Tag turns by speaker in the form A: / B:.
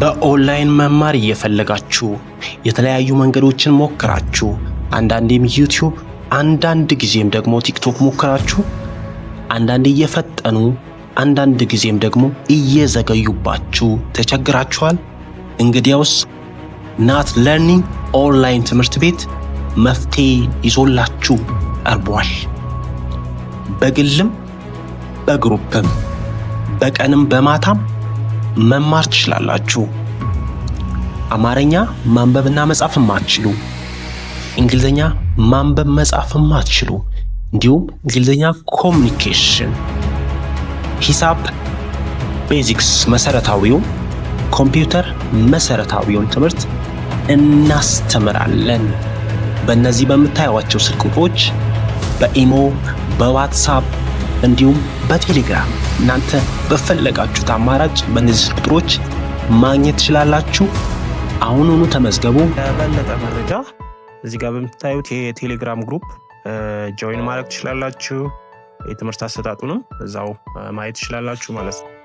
A: በኦንላይን መማር እየፈለጋችሁ የተለያዩ መንገዶችን ሞክራችሁ አንዳንዴም ዩቲዩብ አንዳንድ ጊዜም ደግሞ ቲክቶክ ሞክራችሁ አንዳንድ እየፈጠኑ አንዳንድ ጊዜም ደግሞ እየዘገዩባችሁ ተቸግራችኋል። እንግዲያውስ ናት ለርኒንግ ኦንላይን ትምህርት ቤት መፍትሄ ይዞላችሁ ቀርቧል። በግልም በግሩፕም በቀንም በማታም መማር ትችላላችሁ። አማርኛ ማንበብና መጻፍ የማትችሉ፣ እንግሊዝኛ ማንበብ መጻፍ የማትችሉ እንዲሁም እንግሊዝኛ ኮሚኒኬሽን፣ ሂሳብ ቤዚክስ መሰረታዊው፣ ኮምፒውተር መሰረታዊውን ትምህርት እናስተምራለን። በእነዚህ በምታዩዋቸው ስልክ ቁጥሮች በኢሞ በዋትሳፕ እንዲሁም በቴሌግራም እናንተ በፈለጋችሁት አማራጭ በእነዚህ ቁጥሮች ማግኘት ትችላላችሁ። አሁኑኑ ተመዝገቡ።
B: ለበለጠ መረጃ እዚህ ጋር በምታዩት የቴሌግራም ግሩፕ ጆይን ማድረግ ትችላላችሁ። የትምህርት አሰጣጡንም እዛው ማየት ትችላላችሁ ማለት ነው።